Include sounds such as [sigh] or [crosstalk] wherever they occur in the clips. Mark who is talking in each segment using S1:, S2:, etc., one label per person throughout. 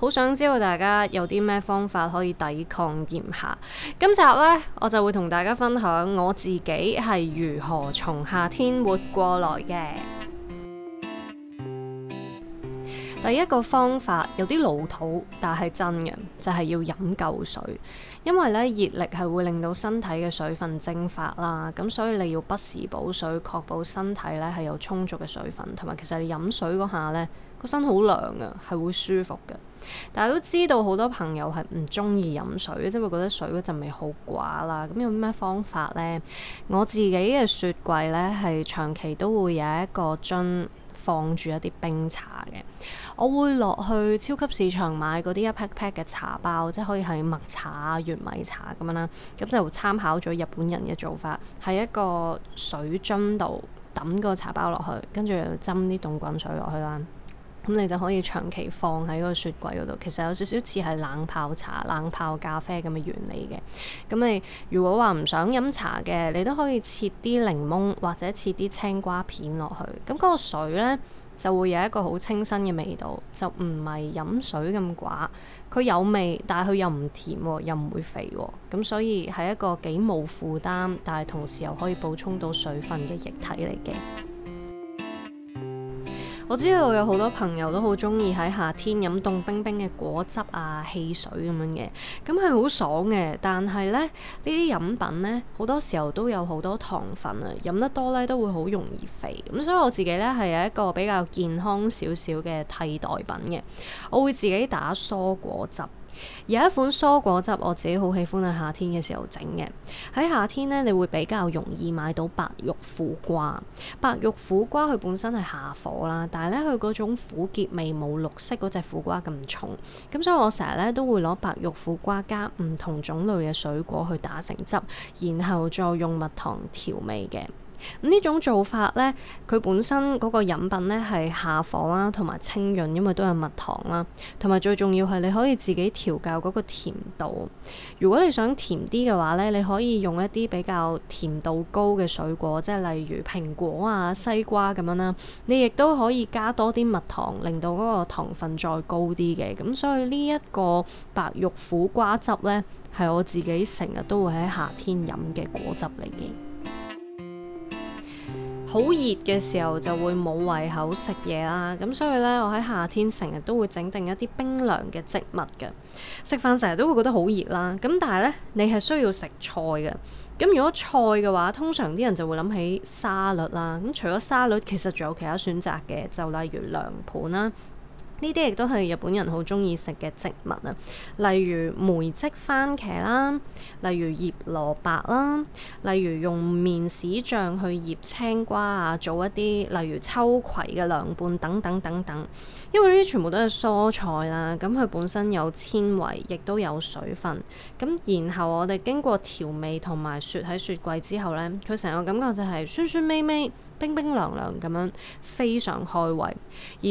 S1: 好想知道大家有啲咩方法可以抵抗炎夏。今集呢，我就會同大家分享我自己係如何從夏天活過來嘅。 [music] 第一個方法有啲老土，但係真嘅，就係要飲夠水。因為呢熱力係會令到身體嘅水分蒸發啦，咁所以你要不時補水，確保身體呢係有充足嘅水分。同埋其實你飲水嗰下呢，個身好涼啊，係會舒服嘅。但係都知道好多朋友係唔中意飲水，即係會覺得水嗰陣味好寡啦。咁有咩方法呢？我自己嘅雪櫃呢，係長期都會有一個樽放住一啲冰茶嘅。我會落去超級市場買嗰啲一 pack pack 嘅茶包，即係可以係麥茶啊、玄米茶咁樣啦。咁就參考咗日本人嘅做法，喺一個水樽度揼個茶包落去，跟住又斟啲凍滾水落去啦。咁你就可以長期放喺個雪櫃嗰度，其實有少少似係冷泡茶、冷泡咖啡咁嘅原理嘅。咁你如果話唔想飲茶嘅，你都可以切啲檸檬或者切啲青瓜片落去。咁嗰個水呢，就會有一個好清新嘅味道，就唔係飲水咁寡。佢有味，但係佢又唔甜，又唔會肥。咁所以係一個幾冇負擔，但係同時又可以補充到水分嘅液體嚟嘅。我知道我有好多朋友都好鍾意喺夏天飲凍冰冰嘅果汁啊、汽水咁樣嘅，咁係好爽嘅。但係呢，呢啲飲品呢，好多時候都有好多糖分啊，飲得多呢都會好容易肥。咁所以我自己呢係有一個比較健康少少嘅替代品嘅，我會自己打蔬果汁。有一款蔬果汁，我自己好喜歡喺夏天嘅時候整嘅。喺夏天呢，你會比較容易買到白玉苦瓜。白玉苦瓜佢本身係下火啦，但係呢，佢嗰種苦澀味冇綠色嗰隻苦瓜咁重。咁所以我成日呢都會攞白玉苦瓜加唔同種類嘅水果去打成汁，然後再用蜜糖調味嘅。呢種做法呢，佢本身嗰個飲品呢係下火啦，同埋清潤，因為都有蜜糖啦，同埋最重要係你可以自己調校嗰個甜度。如果你想甜啲嘅話呢，你可以用一啲比較甜度高嘅水果，即係例如蘋果啊、西瓜咁樣啦。你亦都可以加多啲蜜糖，令到嗰個糖分再高啲嘅。咁所以呢一個白玉苦瓜汁呢，係我自己成日都會喺夏天飲嘅果汁嚟嘅。好熱嘅時候就會冇胃口食嘢啦，咁所以呢，我喺夏天成日都會整定一啲冰涼嘅植物嘅。食飯成日都會覺得好熱啦，咁但係呢，你係需要食菜嘅，咁如果菜嘅話，通常啲人就會諗起沙律啦，咁除咗沙律，其實仲有其他選擇嘅，就例如涼盤啦。呢啲亦都係日本人好中意食嘅植物啊，例如梅漬番茄啦，例如葉蘿蔔啦，例如用麵豉醬去醃青瓜啊，做一啲例如秋葵嘅涼拌等等等等。因為呢啲全部都係蔬菜啦，咁佢本身有纖維，亦都有水分。咁然後我哋經過調味同埋雪喺雪櫃之後呢，佢成個感覺就係酸酸味味、冰冰涼涼咁樣，非常開胃。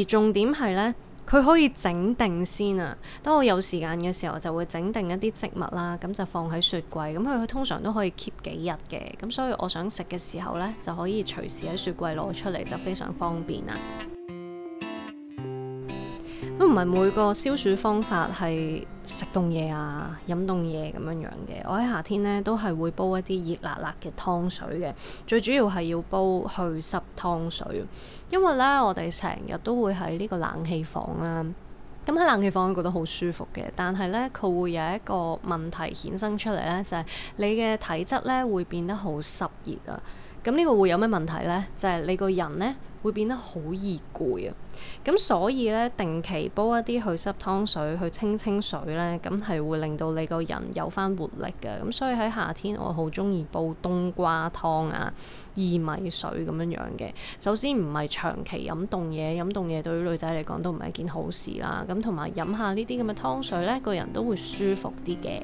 S1: 而重點係呢。佢可以整定先啊！當我有時間嘅時候，就會整定一啲植物啦，咁就放喺雪櫃。咁佢佢通常都可以 keep 幾日嘅，咁所以我想食嘅時候呢，就可以隨時喺雪櫃攞出嚟，就非常方便啦。都唔係每個消暑方法係食凍嘢啊、飲凍嘢咁樣樣嘅。我喺夏天呢，都係會煲一啲熱辣辣嘅湯水嘅。最主要係要煲去濕湯水，因為呢，我哋成日都會喺呢個冷氣房啦、啊。咁喺冷氣房覺得好舒服嘅，但係呢，佢會有一個問題，衍生出嚟呢，就係你嘅體質呢會變得好濕熱啊。咁呢個會有咩問題呢？就係你個人呢，會變得好易攰啊！咁所以呢，定期煲一啲去濕湯水去清清水呢，咁係會令到你個人有返活力嘅。咁所以喺夏天，我好中意煲冬瓜湯啊、薏米水咁樣樣嘅。首先唔係長期飲凍嘢，飲凍嘢對於女仔嚟講都唔係一件好事啦。咁同埋飲下呢啲咁嘅湯水呢，個人都會舒服啲嘅。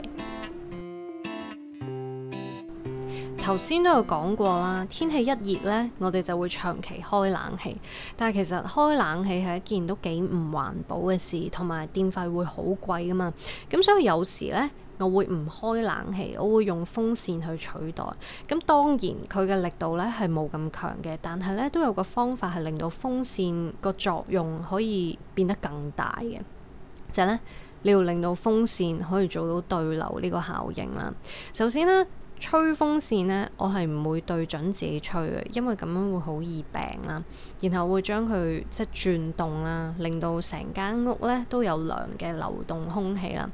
S1: 頭先都有講過啦，天氣一熱呢，我哋就會長期開冷氣。但係其實開冷氣係一件都幾唔環保嘅事，同埋電費會好貴噶嘛。咁所以有時呢，我會唔開冷氣，我會用風扇去取代。咁當然佢嘅力度呢，係冇咁強嘅，但係呢，都有個方法係令到風扇個作用可以變得更大嘅，就係呢，你要令到風扇可以做到對流呢個效應啦。首先呢。吹風扇呢，我係唔會對準自己吹嘅，因為咁樣會好易病啦。然後會將佢即係轉動啦，令到成間屋呢都有涼嘅流動空氣啦。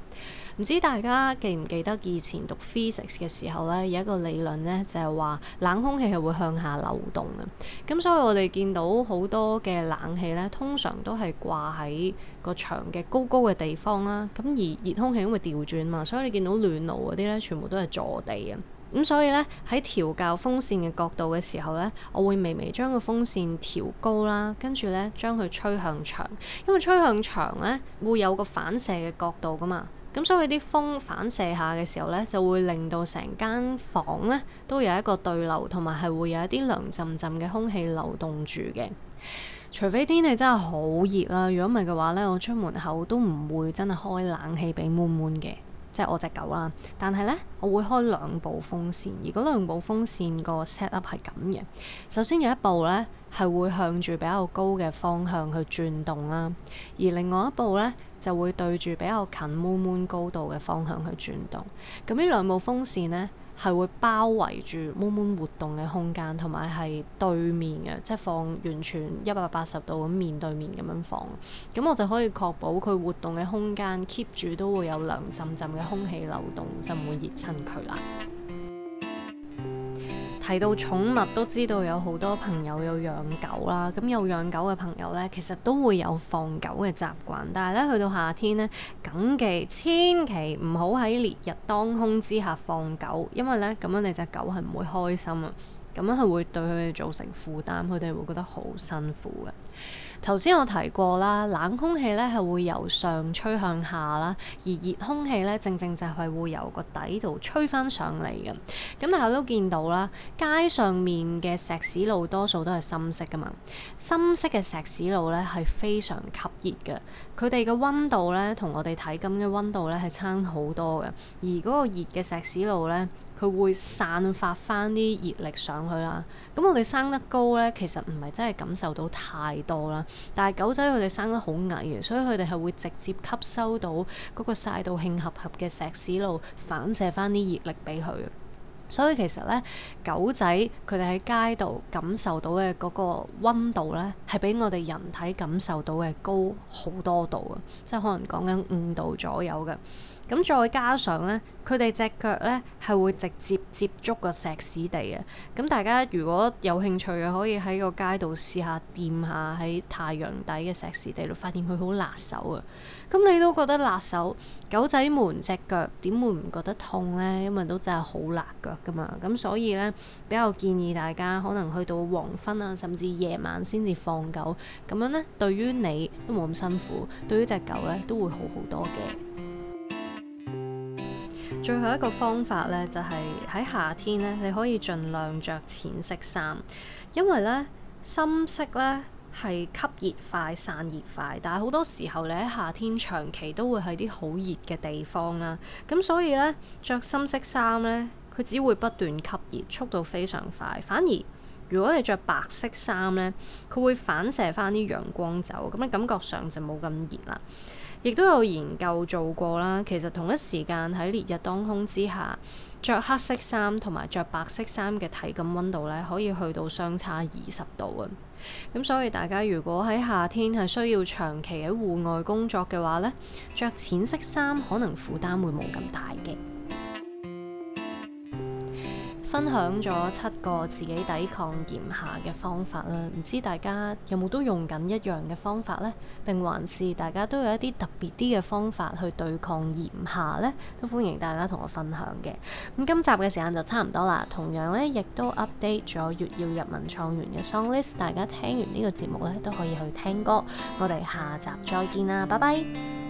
S1: 唔知大家記唔記得以前讀 physics 嘅時候呢有一個理論呢就係話冷空氣係會向下流動啊。咁所以我哋見到好多嘅冷氣呢，通常都係掛喺個牆嘅高高嘅地方啦。咁而熱,熱空氣因為調轉嘛，所以你見到暖爐嗰啲呢，全部都係坐地啊。咁所以呢，喺調校風扇嘅角度嘅時候呢，我會微微將個風扇調高啦，跟住呢將佢吹向牆，因為吹向牆呢會有個反射嘅角度噶嘛。咁所以啲風反射下嘅時候呢，就會令到成間房呢，都有一個對流，同埋係會有一啲涼浸浸嘅空氣流動住嘅。除非天氣真係好熱啦、啊，如果唔係嘅話呢，我出門口都唔會真係開冷氣俾悶悶嘅。即係我隻狗啦，但係呢，我會開兩部風扇。而嗰兩部風扇個 set up 係咁嘅，首先有一部呢係會向住比較高嘅方向去轉動啦，而另外一部呢就會對住比較近 moon moon 高度嘅方向去轉動。咁呢兩部風扇呢，係會包圍住燜燜活動嘅空間，同埋係對面嘅，即係放完全一百八十度咁面對面咁樣放。咁我就可以確保佢活動嘅空間 keep 住都會有涼浸浸嘅空氣流動，就唔會熱親佢啦。提到寵物都知道有好多朋友有養狗啦，咁有養狗嘅朋友呢，其實都會有放狗嘅習慣，但係咧去到夏天呢，謹記千祈唔好喺烈日當空之下放狗，因為呢，咁樣你隻狗係唔會開心啊，咁樣係會對佢哋造成負擔，佢哋會覺得好辛苦嘅。頭先我提過啦，冷空氣呢係會由上吹向下啦，而熱空氣呢正正就係會由個底度吹翻上嚟嘅。咁大家都見到啦，街上面嘅石屎路多數都係深色噶嘛，深色嘅石屎路呢係非常吸熱嘅，佢哋嘅溫度呢同我哋體感嘅溫度呢係差好多嘅。而嗰個熱嘅石屎路呢，佢會散發翻啲熱力上去啦。咁我哋生得高呢，其實唔係真係感受到太多啦。但係狗仔佢哋生得好矮嘅，所以佢哋係會直接吸收到嗰個曬到慶合合嘅石屎路反射翻啲熱力俾佢。所以其實呢，狗仔佢哋喺街度感受到嘅嗰個溫度呢，係比我哋人體感受到嘅高好多度啊！即係可能講緊五度左右嘅。咁再加上呢，佢哋隻腳呢，係會直接接觸個石屎地嘅。咁大家如果有興趣嘅，可以喺個街度試下掂下喺太陽底嘅石屎地度，發現佢好辣手啊！咁你都覺得辣手，狗仔們隻腳點會唔覺得痛呢？因為都真係好辣噶～噶咁，所以呢，比較建議大家可能去到黃昏啊，甚至夜晚先至放狗咁樣呢，對於你都冇咁辛苦，對於隻狗呢，都會好好多嘅。 [music] 最後一個方法呢，就係喺夏天呢，你可以盡量着淺色衫，因為呢，深色呢係吸熱快散熱快，但係好多時候你喺夏天長期都會喺啲好熱嘅地方啦。咁所以呢，着深色衫呢，佢只會不斷吸熱，速度非常快。反而如果你着白色衫呢，佢會反射翻啲陽光走，咁你感覺上就冇咁熱啦。亦都有研究做過啦，其實同一時間喺烈日當空之下，着黑色衫同埋着白色衫嘅體感溫度呢，可以去到相差二十度啊。咁所以大家如果喺夏天係需要長期喺戶外工作嘅話呢，着淺色衫可能負擔會冇咁大嘅。分享咗七個自己抵抗炎夏嘅方法啦，唔知大家有冇都用緊一樣嘅方法呢？定還是大家都有一啲特別啲嘅方法去對抗炎夏呢？都歡迎大家同我分享嘅。咁今集嘅時間就差唔多啦，同樣呢，亦都 update 咗月曜日文創園嘅 song list，大家聽完呢個節目呢，都可以去聽歌。我哋下集再見啦，拜拜！